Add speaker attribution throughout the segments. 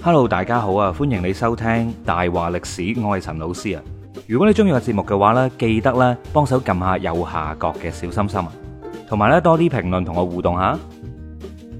Speaker 1: hello，大家好啊，歡迎你收聽大話歷史，我係陳老師啊。如果你中意個節目嘅話呢，記得咧幫手撳下右下角嘅小心心啊，同埋呢多啲評論同我互動吓。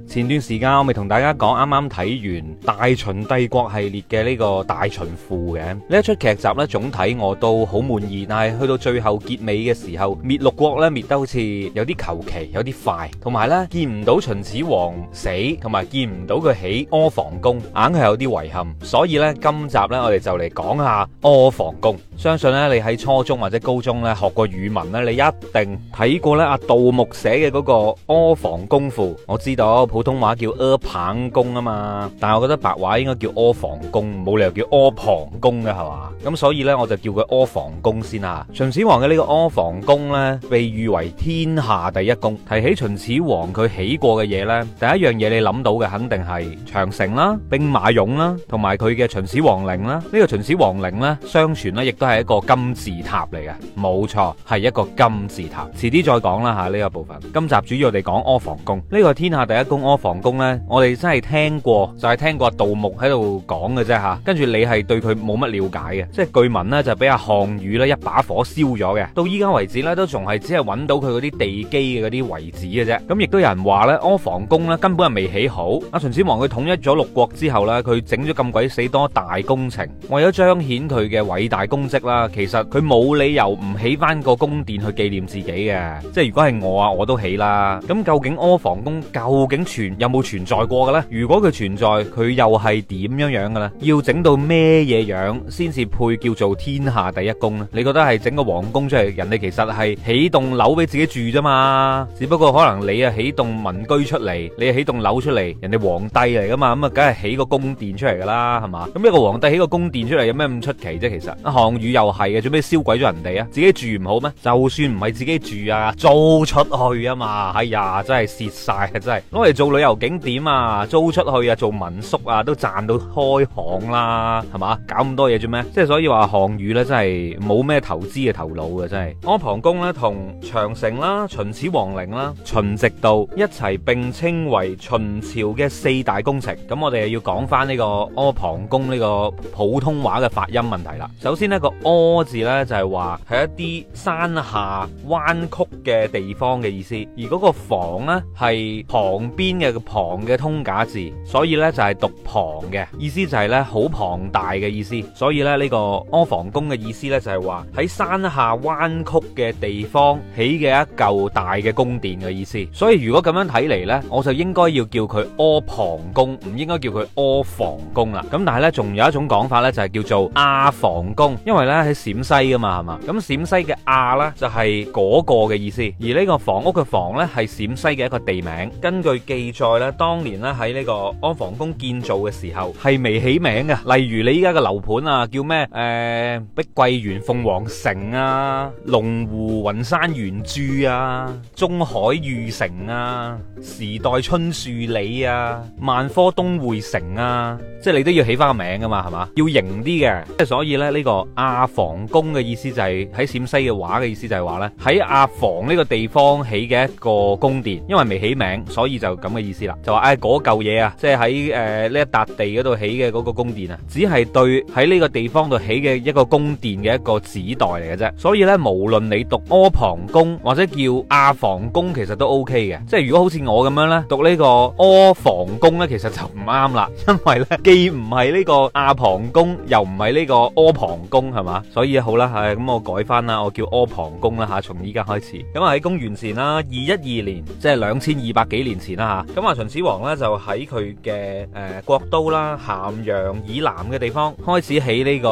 Speaker 1: 前段時間我咪同大家講，啱啱睇完《大秦帝國》系列嘅呢個《大秦賦》嘅呢一出劇集呢，總體我都好滿意，但係去到最後結尾嘅時候，滅六國呢滅得好似有啲求其，有啲快，同埋呢，見唔到秦始皇死，同埋見唔到佢起阿房宮，硬係有啲遺憾。所以呢，今集呢，我哋就嚟講下阿房宮。相信呢，你喺初中或者高中呢學過語文呢，你一定睇過呢阿杜牧寫嘅嗰個《阿房宮賦》，我知道。普通話叫阿旁宮啊嘛，但係我覺得白話應該叫阿房宮，冇理由叫阿旁宮嘅係嘛，咁所以呢，我就叫佢阿房宮先啦。秦始皇嘅呢個阿房宮呢，被譽為天下第一宮。提起秦始皇佢起過嘅嘢呢，第一樣嘢你諗到嘅肯定係長城啦、兵馬俑啦，同埋佢嘅秦始皇陵啦。呢個秦始皇陵呢，相傳呢亦都係一個金字塔嚟嘅，冇錯，係一個金字塔。遲啲再講啦吓呢個部分，今集主要我哋講阿房宮，呢個天下第一宮。阿房宮呢，我哋真係聽過，就係、是、聽過杜牧喺度講嘅啫吓，跟住你係對佢冇乜了解嘅，即係據聞呢就俾阿項羽呢一把火燒咗嘅，到依家為止呢，都仲係只係揾到佢嗰啲地基嘅嗰啲遺址嘅啫，咁亦都有人話呢，阿房宮呢根本係未起好。阿秦始皇佢統一咗六國之後呢，佢整咗咁鬼死多大工程，為咗彰顯佢嘅偉大功績啦，其實佢冇理由唔起翻個宮殿去紀念自己嘅，即係如果係我啊，我都起啦。咁究竟阿房宮究竟？有冇存在過嘅咧？如果佢存在，佢又係點樣樣嘅咧？要整到咩嘢樣先至配叫做天下第一宮咧？你覺得係整個皇宮出嚟，人哋其實係起棟樓俾自己住啫嘛。只不過可能你啊起棟民居出嚟，你起棟樓出嚟，人哋皇帝嚟噶嘛，咁啊梗係起個宮殿出嚟噶啦，係嘛？咁一個皇帝起個宮殿出嚟，有咩咁出奇啫？其實啊項羽又係嘅，做咩燒鬼咗人哋啊？自己住唔好咩？就算唔係自己住啊，租出去啊嘛。哎呀，真係蝕晒啊！真係攞嚟做。做旅遊景點啊，租出去啊，做民宿啊，都賺到開行啦，係嘛？搞咁多嘢做咩？即係所以話項羽呢真係冇咩投資嘅頭腦嘅，真係。阿房宮呢同長城啦、秦始皇陵啦、秦直道一齊並稱為秦朝嘅四大工程。咁我哋要講翻呢個阿房宮呢個普通話嘅發音問題啦。首先呢個「阿」字呢，就係話係一啲山下彎曲嘅地方嘅意思，而嗰個房呢係旁邊嘅旁嘅通假字，所以呢就係讀旁，嘅意思就係呢好龐大嘅意思，所以呢呢個阿房宮嘅意思呢就係話喺山下彎曲嘅地方起嘅一嚿大嘅宮殿嘅意思，所以如果咁樣睇嚟呢，我就應該要叫佢阿房宮，唔應該叫佢阿房宮啦。咁但係呢仲有一種講法呢就係叫做阿房宮，因為呢喺陝西㗎嘛係嘛，咁陝西嘅阿呢就係嗰個嘅意思，而呢個房屋嘅房呢係陝西嘅一個地名，根據記。記載咧，當年咧喺呢個阿房宮建造嘅時候係未起名嘅，例如你依家嘅樓盤啊，叫咩？誒、呃，碧桂園鳳凰城啊，龍湖雲山原著啊，中海御城啊，時代春樹里啊，萬科東匯城啊，即係你都要起翻個名噶嘛，係嘛？要型啲嘅，即係所以咧呢個阿房宮嘅意思就係喺陝西嘅話嘅意思就係話咧喺阿房呢個地方起嘅一個宮殿，因為未起名，所以就咁。意思啦，就話誒嗰嚿嘢啊，即係喺誒呢一笪地嗰度起嘅嗰個宮殿啊，只係對喺呢個地方度起嘅一個宮殿嘅一個指代嚟嘅啫。所以咧，無論你讀阿房宮或者叫阿房宮，其實都 OK 嘅。即係如果好似我咁樣咧，讀呢個阿房宮咧，其實就唔啱啦，因為咧既唔係呢個阿房宮，又唔係呢個阿房宮，係嘛？所以好啦，係咁我改翻啦，我叫阿房宮啦吓，從依家開始。咁啊喺公元前啦，二一二年，即係兩千二百幾年前啦吓。咁啊，秦始皇咧就喺佢嘅誒國都啦，咸陽以南嘅地方開始起呢個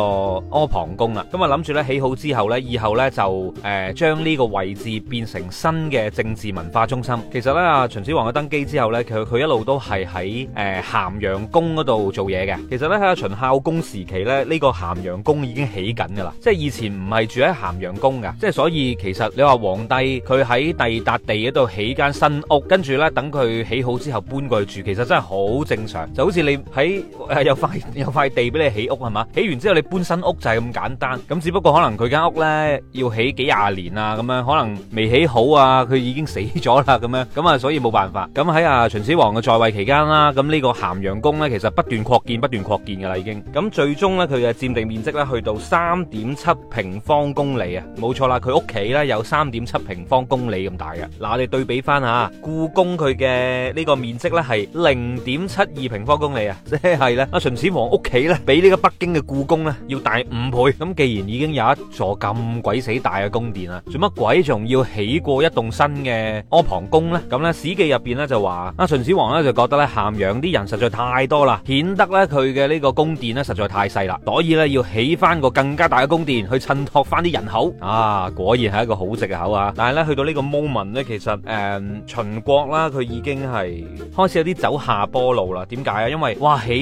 Speaker 1: 阿房宮啦。咁啊，諗住咧起好之後咧，以後咧就誒、呃、將呢個位置變成新嘅政治文化中心。其實咧，阿秦始皇嘅登基之後咧，佢佢一路都係喺誒咸陽宮嗰度做嘢嘅。其實咧喺阿秦孝公時期咧，呢、這個咸陽宮已經起緊㗎啦。即係以前唔係住喺咸陽宮㗎，即係所以其實你話皇帝佢喺第二笪地嗰度起間新屋，跟住咧等佢起。起好之後搬過去住，其實真係好正常，就好似你喺誒有塊有塊地俾你起屋係嘛，起完之後你搬新屋就係咁簡單，咁只不過可能佢間屋咧要起幾廿年啊，咁樣可能未起好啊，佢已經死咗啦咁樣，咁啊所以冇辦法。咁喺啊秦始皇嘅在位期間啦，咁呢個咸陽宮咧其實不斷擴建，不斷擴建噶啦已經，咁最終咧佢嘅佔地面積咧去到三點七平方公里啊，冇錯啦，佢屋企咧有三點七平方公里咁大嘅。嗱，我哋對比翻吓故宮佢嘅。呢個面積咧係零點七二平方公里啊，即係咧阿秦始皇屋企咧比呢個北京嘅故宮咧要大五倍。咁既然已經有一座咁鬼死大嘅宮殿啊，做乜鬼仲要起過一棟新嘅阿房宮呢？咁咧史記入邊咧就話阿秦始皇咧就覺得咧咸陽啲人實在太多啦，顯得咧佢嘅呢個宮殿咧實在太細啦，所以咧要起翻個更加大嘅宮殿去襯托翻啲人口。啊，果然係一個好借口啊！但係咧去到呢個 moment 呢，其實誒、嗯、秦國啦，佢已經係開始有啲走下坡路啦，點解啊？因為哇，起完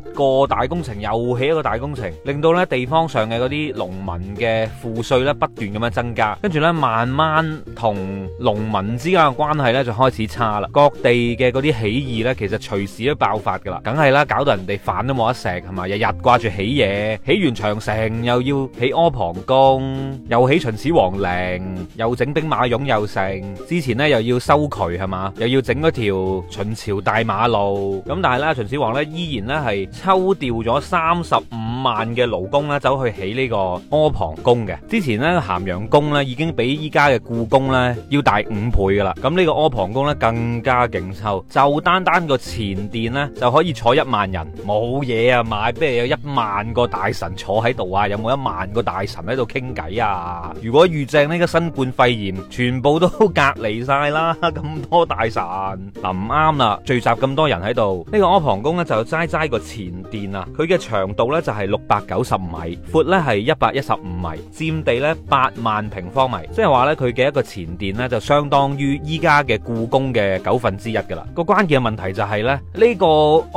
Speaker 1: 一個大工程又起一個大工程，令到咧地方上嘅嗰啲農民嘅賦稅咧不斷咁樣增加，跟住咧慢慢同農民之間嘅關係咧就開始差啦。各地嘅嗰啲起義咧，其實隨時都爆發噶啦，梗係啦，搞到人哋飯都冇得食係嘛，日日掛住起嘢，起完長城又要起阿房宮，又起秦始皇陵，又整兵馬俑又成，之前咧又要收渠係嘛，又要整嗰條。叫秦朝大馬路咁，但係咧秦始皇咧依然咧係抽調咗三十五萬嘅勞工啦，走去起呢個阿房宮嘅。之前咧咸陽宮咧已經比依家嘅故宮咧要大五倍噶啦。咁呢個阿房宮咧更加勁抽，就單單個前殿咧就可以坐一萬人。冇嘢啊，買不如有一萬個大臣坐喺度啊？有冇一萬個大臣喺度傾偈啊？如果遇正呢個新冠肺炎，全部都隔離晒啦，咁多大臣。嗱，唔啱啦！聚集咁多人喺度，呢個阿房宮咧就齋齋個前殿啊，佢嘅長度咧就係六百九十米，闊咧係一百一十五米，佔地咧八萬平方米，即係話咧佢嘅一個前殿咧就相當於依家嘅故宮嘅九分之一噶啦。個關鍵嘅問題就係咧呢個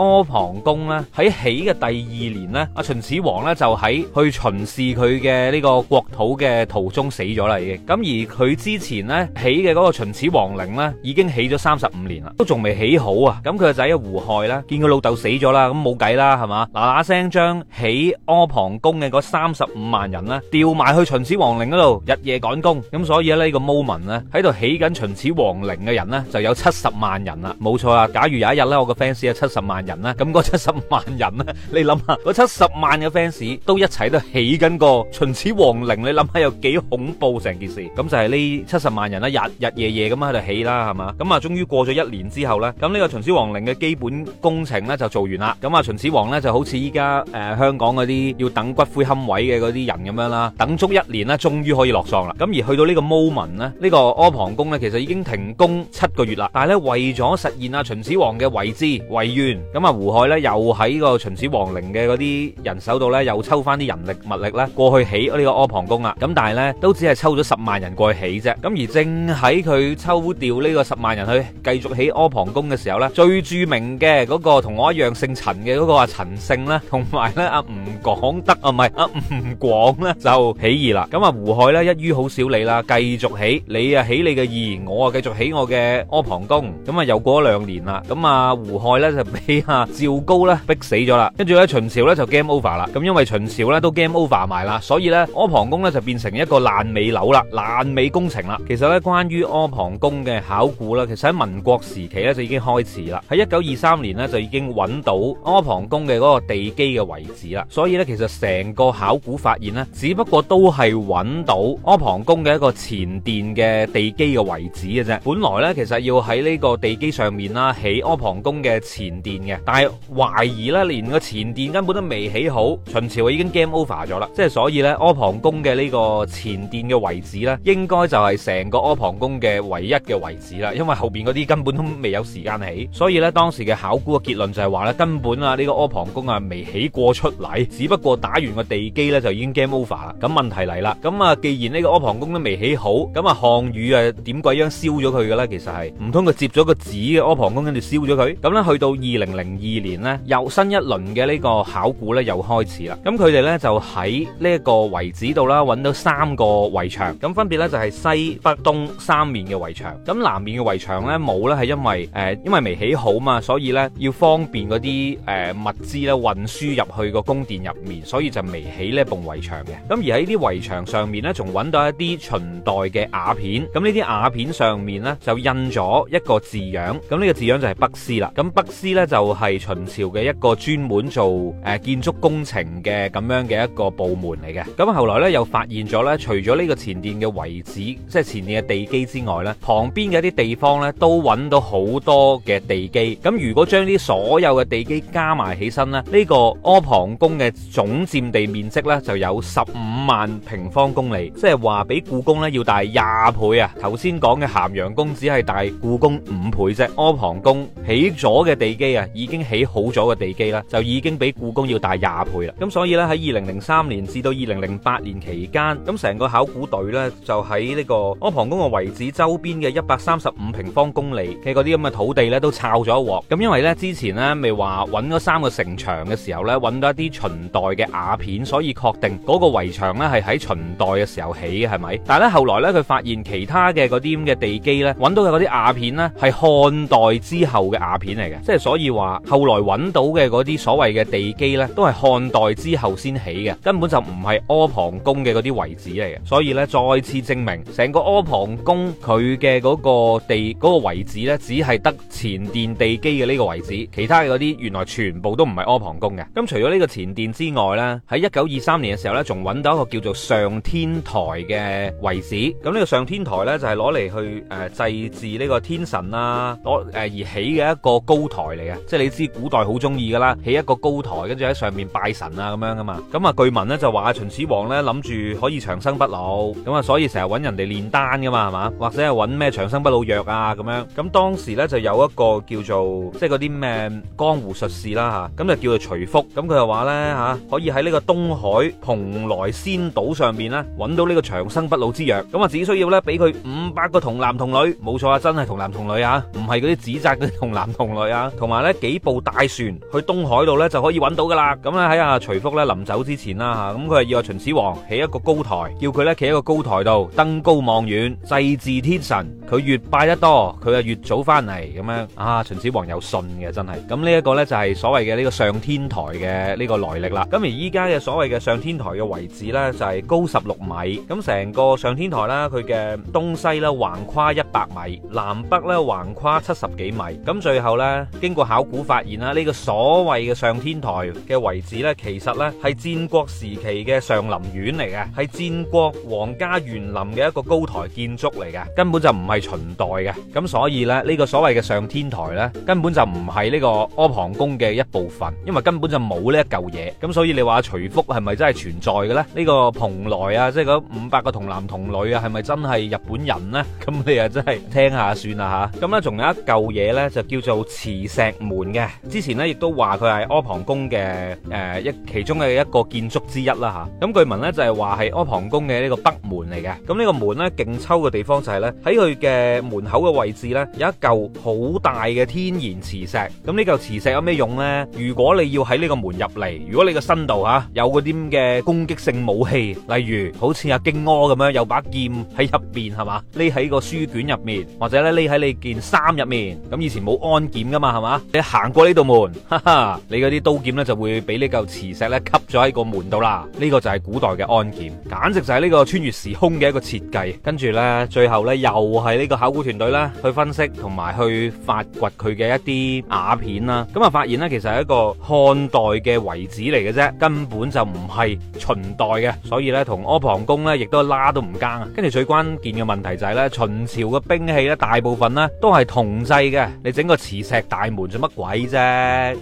Speaker 1: 阿房宮咧喺起嘅第二年呢，阿秦始皇咧就喺去巡視佢嘅呢個國土嘅途中死咗啦已經。咁而佢之前咧起嘅嗰個秦始皇陵咧已經起咗三十五年啦。都仲未起好啊！咁佢個仔啊胡亥啦，見佢老豆死咗啦，咁冇計啦，係嘛嗱嗱聲將起阿房宮嘅嗰三十五萬人咧，調埋去秦始皇陵嗰度日夜趕工。咁所以咧呢個 moment 咧喺度起緊秦始皇陵嘅人咧，就有七十萬人啦。冇錯啊！假如有一日咧，我個 fans 有七十萬人啦，咁嗰七十萬人咧，你諗下，嗰七十萬嘅 fans 都一齊都起緊個秦始皇陵，你諗下有幾恐怖成件事？咁就係呢七十萬人啦，日日夜夜咁喺度起啦，係嘛？咁啊，終於過咗一年。然之後咧，咁呢個秦始皇陵嘅基本工程咧就做完啦。咁啊，秦始皇咧就好似依家誒香港嗰啲要等骨灰龕位嘅嗰啲人咁樣啦，等足一年啦，終於可以落葬啦。咁而去到呢個 moment 咧，呢個阿房宮咧，其實已經停工七個月啦。但係咧，為咗實現阿秦始皇嘅遺志遺願，咁啊胡亥咧又喺個秦始皇陵嘅嗰啲人手度咧又抽翻啲人力物力咧過去起我呢個阿房宮啦。咁但係咧都只係抽咗十萬人過去起啫。咁而正喺佢抽調呢個十萬人去繼續起阿房宮嘅時候咧，最著名嘅嗰個同我一樣姓陳嘅嗰個啊陳勝咧，同埋咧阿吳廣德啊，唔係阿吳廣咧就起義啦。咁啊，胡亥咧一於好少你啦，繼續起你啊起你嘅義，我啊繼續起我嘅阿房宮。咁啊，又過咗兩年啦，咁啊胡亥咧就俾阿趙高咧逼死咗啦。跟住咧秦朝咧就 game over 啦。咁因為秦朝咧都 game over 埋啦，所以咧阿房宮咧就變成一個爛尾樓啦，爛尾工程啦。其實咧關於阿房宮嘅考古啦，其實喺民國時期咧就已經開始啦，喺一九二三年咧就已經揾到阿房宮嘅嗰個地基嘅位置啦，所以咧其實成個考古發現呢，只不過都係揾到阿房宮嘅一個前殿嘅地基嘅位置嘅啫。本來咧其實要喺呢個地基上面啦起阿房宮嘅前殿嘅，但係懷疑咧連個前殿根本都未起好，秦朝已經 game over 咗啦，即係所以咧阿房宮嘅呢個前殿嘅位置咧，應該就係成個阿房宮嘅唯一嘅位置啦，因為後邊嗰啲根本未有時間起，所以咧當時嘅考古嘅結論就係話咧，根本啊呢個阿房宮啊未起過出嚟，只不過打完個地基咧就已經 game over 啦。咁問題嚟啦，咁啊既然呢個阿房宮都未起好，咁啊項羽啊點鬼樣燒咗佢嘅咧？其實係唔通佢接咗個紙嘅阿房宮跟住燒咗佢？咁咧去到二零零二年呢，又新一輪嘅呢個考古咧又開始啦。咁佢哋咧就喺呢一個遺址度啦，揾到三個圍牆，咁分別咧就係西北東三面嘅圍牆，咁南面嘅圍牆咧冇咧係。因為誒、呃，因為未起好嘛，所以咧要方便嗰啲誒物資咧運輸入去個宮殿入面，所以就未起呢一幅圍牆嘅。咁而喺啲圍牆上面咧，仲揾到一啲秦代嘅瓦片。咁呢啲瓦片上面咧就印咗一個字樣。咁呢個字樣就係北師啦。咁北師咧就係、是、秦朝嘅一個專門做誒、呃、建築工程嘅咁樣嘅一個部門嚟嘅。咁後來咧又發現咗咧，除咗呢個前殿嘅遺址，即係前殿嘅地基之外咧，旁邊嘅一啲地方咧都揾到好多嘅地基，咁如果將呢所有嘅地基加埋起身咧，呢個阿房宮嘅總佔地面積咧就有十五萬平方公里，即係話比故宮咧要大廿倍啊！頭先講嘅咸陽宮只係大故宮五倍啫，阿房宮起咗嘅地基啊，已經起好咗嘅地基啦，就已經比故宮要大廿倍啦。咁所以咧喺二零零三年至到二零零八年期間，咁成個考古隊呢，就喺呢個阿房宮嘅遺址周邊嘅一百三十五平方公里啲咁嘅土地咧都抄咗一鑊，咁因為咧之前咧咪話揾咗三個城牆嘅時候咧揾到一啲秦代嘅瓦片，所以確定嗰個圍牆咧係喺秦代嘅時候起嘅，係咪？但係咧後來咧佢發現其他嘅嗰啲咁嘅地基咧揾到嘅嗰啲瓦片咧係漢代之後嘅瓦片嚟嘅，即係所以話後來揾到嘅嗰啲所謂嘅地基咧都係漢代之後先起嘅，根本就唔係阿房宮嘅嗰啲遺址嚟嘅，所以咧再次證明成個阿房宮佢嘅嗰個地嗰個位置咧。只係得前殿地基嘅呢個位置，其他嗰啲原來全部都唔係阿旁宮嘅。咁除咗呢個前殿之外，呢喺一九二三年嘅時候呢，仲揾到一個叫做上天台嘅位置。咁呢個上天台呢，就係攞嚟去誒祭祀呢個天神啊，攞而起嘅一個高台嚟嘅。即係你知古代好中意噶啦，起一個高台，跟住喺上面拜神啊咁樣噶嘛。咁啊，據聞呢，就話秦始皇呢諗住可以長生不老，咁啊所以成日揾人哋煉丹噶嘛，係嘛？或者係揾咩長生不老藥啊咁樣。咁當當時咧就有一個叫做即係嗰啲咩江湖術士啦吓，咁就叫做徐福，咁佢就話咧吓，可以喺呢個東海蓬萊仙島上邊咧搵到呢個長生不老之藥，咁啊只需要咧俾佢五百個童男童女，冇錯啊，真係童男童女啊，唔係嗰啲指責嘅童男童女啊，同埋咧幾部大船去東海度咧就可以搵到噶啦，咁咧喺阿徐福咧臨走之前啦吓，咁佢係要阿秦始皇起一個高台，叫佢咧企喺個高台度登高望遠，祭祀天神，佢越拜得多，佢啊越早。翻嚟咁樣啊！秦始皇有信嘅，真係咁呢一個呢，就係所謂嘅呢個上天台嘅呢個來歷啦。咁而依家嘅所謂嘅上天台嘅位置呢，就係高十六米，咁成個上天台啦，佢嘅東西啦，橫跨一百米，南北呢，橫跨七十幾米。咁最後呢，經過考古發現啦，呢個所謂嘅上天台嘅位置呢，其實呢，係戰國時期嘅上林苑嚟嘅，係戰國皇家園林嘅一個高台建築嚟嘅，根本就唔係秦代嘅。咁所以呢。呢個所謂嘅上天台咧，根本就唔係呢個阿房宮嘅一部分，因為根本就冇呢一嚿嘢。咁所以你話徐福係咪真係存在嘅咧？呢個蓬萊啊，即係嗰五百個童男童女啊，係咪真係日本人咧？咁你啊，真係聽下算啦嚇。咁咧，仲有一嚿嘢咧，就叫做磁石門嘅。之前咧，亦都話佢係阿房宮嘅誒一其中嘅一個建築之一啦嚇。咁據聞咧，就係話係阿房宮嘅呢個北門嚟嘅。咁呢個門咧，勁抽嘅地方就係咧，喺佢嘅門口嘅位置咧，有，一嚿好大嘅天然磁石，咁呢嚿磁石有咩用咧？如果你要喺呢個門入嚟，如果你個身度吓有嗰啲嘅攻擊性武器，例如好似阿荊軻咁樣有把劍喺入邊係嘛，匿喺個書卷入面，或者咧匿喺你件衫入面，咁以前冇安檢噶嘛係嘛，你行過呢度門，哈哈，你嗰啲刀劍咧就會俾呢嚿磁石咧吸咗喺個門度啦。呢個就係古代嘅安檢，簡直就係呢個穿越時空嘅一個設計。跟住咧，最後咧又係呢個考古團隊咧去分析。同埋去發掘佢嘅一啲瓦片啦，咁啊發現咧，其實係一個漢代嘅遺址嚟嘅啫，根本就唔係秦代嘅。所以咧，同阿房宮咧，亦都拉都唔掹啊。跟住最關鍵嘅問題就係咧，秦朝嘅兵器咧，大部分咧都係銅製嘅，你整個磁石大門做乜鬼啫？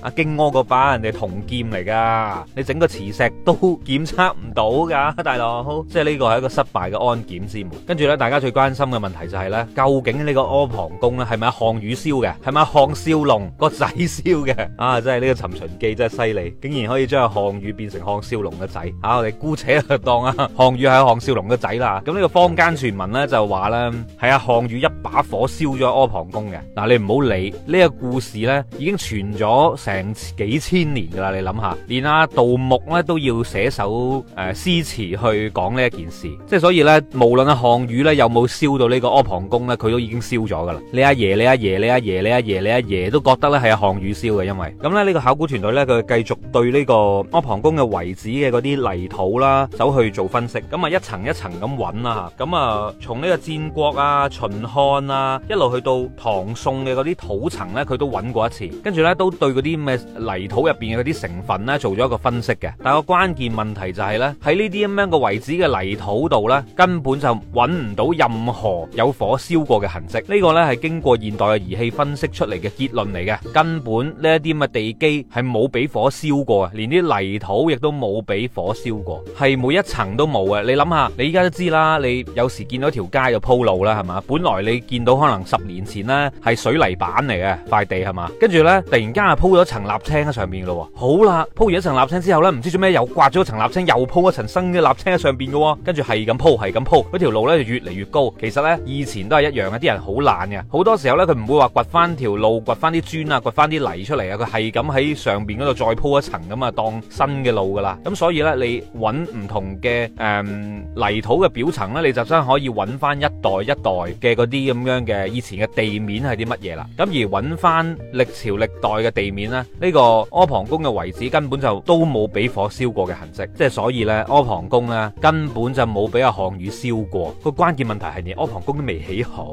Speaker 1: 阿荊軻個把人哋銅劍嚟噶，你整個磁石都檢測唔到噶，大佬，即係呢個係一個失敗嘅安檢之門。跟住咧，大家最關心嘅問題就係咧，究竟呢個阿房宮咧？係咪啊？項羽燒嘅，係咪啊？項少龍個仔燒嘅，啊真係呢個尋秦記真係犀利，竟然可以將項羽變成項少龍嘅仔，啊我哋姑且就當啊項羽係項少龍嘅仔啦。咁呢個坊間傳聞咧就話咧，係啊項羽一把火燒咗阿房宮嘅。嗱、啊、你唔好理呢個故事咧，已經傳咗成幾千年噶啦。你諗下，連阿杜牧咧都要寫首誒詩詞去講呢一件事，即係所以咧，無論啊項羽咧有冇燒到呢個阿房宮咧，佢都已經燒咗噶啦。你爺！你阿爺！你阿爺！你阿爺！你阿爺！都覺得咧係項羽燒嘅，因為咁咧，呢個考古團隊咧佢繼續對呢個阿房宮嘅遺址嘅嗰啲泥土啦，走去做分析，咁啊一層一層咁揾啦嚇，咁啊從呢個戰國啊、秦漢啊一路去到唐宋嘅嗰啲土層咧，佢都揾過一次，跟住咧都對嗰啲咩泥土入邊嘅嗰啲成分咧做咗一個分析嘅。但係個關鍵問題就係、是、咧，喺呢啲咁樣嘅遺址嘅泥土度咧，根本就揾唔到任何有火燒過嘅痕跡。這個、呢個咧係經。個現代嘅儀器分析出嚟嘅結論嚟嘅，根本呢一啲嘅地基係冇俾火燒過啊，連啲泥土亦都冇俾火燒過，係每一層都冇嘅。你諗下，你依家都知啦，你有時見到條街又鋪路啦，係嘛？本來你見到可能十年前咧係水泥板嚟嘅塊地係嘛，跟住呢，突然間啊鋪咗層瀝青喺上邊咯。好啦，鋪完一層瀝青之後呢，唔知做咩又刮咗層瀝青，又鋪一層新嘅瀝青喺上邊嘅，跟住係咁鋪，係咁鋪，嗰條路呢就越嚟越高。其實呢，以前都係一樣嘅，啲人好懶嘅，好多。時候咧，佢唔會話掘翻條路，掘翻啲磚啊，掘翻啲泥出嚟啊，佢係咁喺上邊嗰度再鋪一層咁啊，當新嘅路噶啦。咁所以呢，你揾唔同嘅誒、呃、泥土嘅表層呢，你就真係可以揾翻一代一代嘅嗰啲咁樣嘅以前嘅地面係啲乜嘢啦。咁而揾翻歷朝歷代嘅地面呢，呢、呢個阿房宮嘅遺址根本就都冇俾火燒過嘅痕跡，即係所以呢，阿房宮呢根本就冇俾阿項羽燒過。個關鍵問題係連阿房宮都未起好，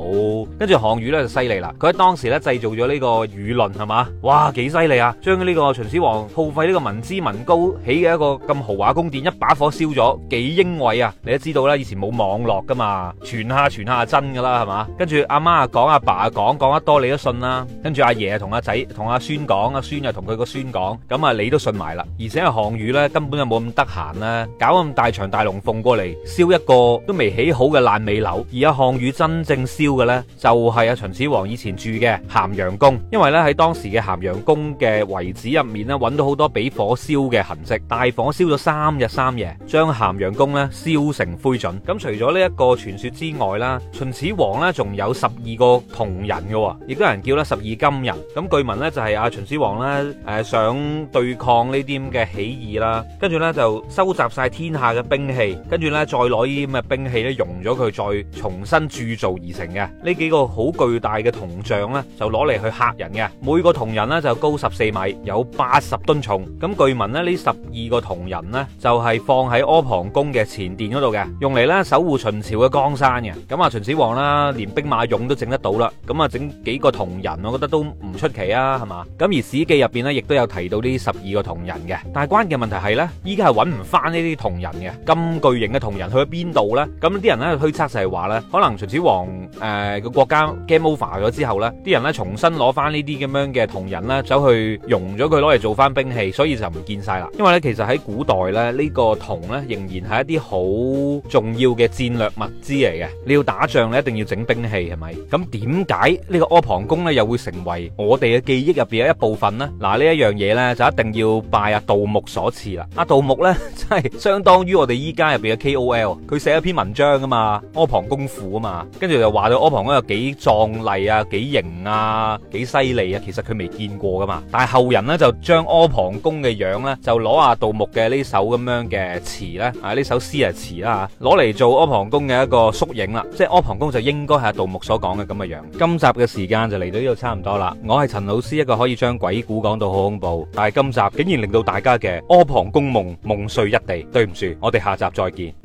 Speaker 1: 跟住項羽呢。犀利啦！佢喺當時咧製造咗呢個輿論係嘛？哇幾犀利啊！將呢個秦始皇耗費呢個民脂民膏起嘅一個咁豪華宮殿，一把火燒咗，幾英偉啊！你都知道啦，以前冇網絡噶嘛，傳下傳下真噶啦係嘛？跟住阿媽啊講，阿爸啊講，講得多你都信啦。跟住阿爺同阿仔同阿孫講，阿孫又同佢個孫講，咁啊你都信埋啦。而且阿項羽咧根本就冇咁得閒啦，搞咁大場大龍鳳過嚟燒一個都未起好嘅爛尾樓，而阿項羽真正燒嘅咧就係阿秦始始皇以前住嘅咸陽宮，因為咧喺當時嘅咸陽宮嘅遺址入面揾到好多俾火燒嘅痕跡，大火燒咗三日三夜，將咸陽宮咧燒成灰燼。咁除咗呢一個傳說之外啦，秦始皇咧仲有十二個銅人嘅，亦都有人叫咧十二金人。咁據聞咧就係阿秦始皇咧誒想對抗呢啲咁嘅起義啦，跟住咧就收集晒天下嘅兵器，跟住咧再攞啲咁嘅兵器咧熔咗佢，再重新鑄造而成嘅。呢幾個好巨大嘅銅像咧就攞嚟去嚇人嘅，每個銅人呢，就高十四米，有八十噸重。咁據聞呢，呢十二個銅人呢，就係放喺阿房宮嘅前殿嗰度嘅，用嚟呢，守護秦朝嘅江山嘅。咁啊秦始皇啦，連兵馬俑都整得到啦，咁啊整幾個銅人，我覺得都唔出奇啊，係嘛？咁而史記入面呢，亦都有提到呢十二個銅人嘅，但係關鍵問題係呢，依家係揾唔翻呢啲銅人嘅，咁巨型嘅銅人去咗邊度呢？咁啲人呢，推測就係話呢，可能秦始皇個、呃、國家嘅咗之後呢啲人呢，重新攞翻呢啲咁樣嘅銅人呢，走去融咗佢攞嚟做翻兵器，所以就唔見晒啦。因為呢，其實喺古代呢，呢、呢個銅呢，仍然係一啲好重要嘅戰略物資嚟嘅。你要打仗，呢，一定要整兵器，係咪？咁點解呢個阿房宮呢，又會成為我哋嘅記憶入邊嘅一部分呢？嗱，呢一樣嘢呢，就一定要拜阿杜牧所賜啦。阿杜牧呢，真係相當於我哋依家入邊嘅 K O L，佢寫一篇文章噶嘛，阿房宮賦啊嘛，跟住就話到阿房宮有幾壯。麗啊，幾型啊，幾犀利啊！其實佢未見過噶嘛，但係後人呢，就將阿旁宮嘅樣呢，就攞阿杜牧嘅呢首咁樣嘅詞呢——啊呢首詩啊詞啦攞嚟做阿旁宮嘅一個縮影啦，即係阿旁宮就應該係阿杜牧所講嘅咁嘅樣。今集嘅時間就嚟到呢度差唔多啦，我係陳老師，一個可以將鬼故講到好恐怖，但係今集竟然令到大家嘅阿旁宮夢夢碎一地。對唔住，我哋下集再見。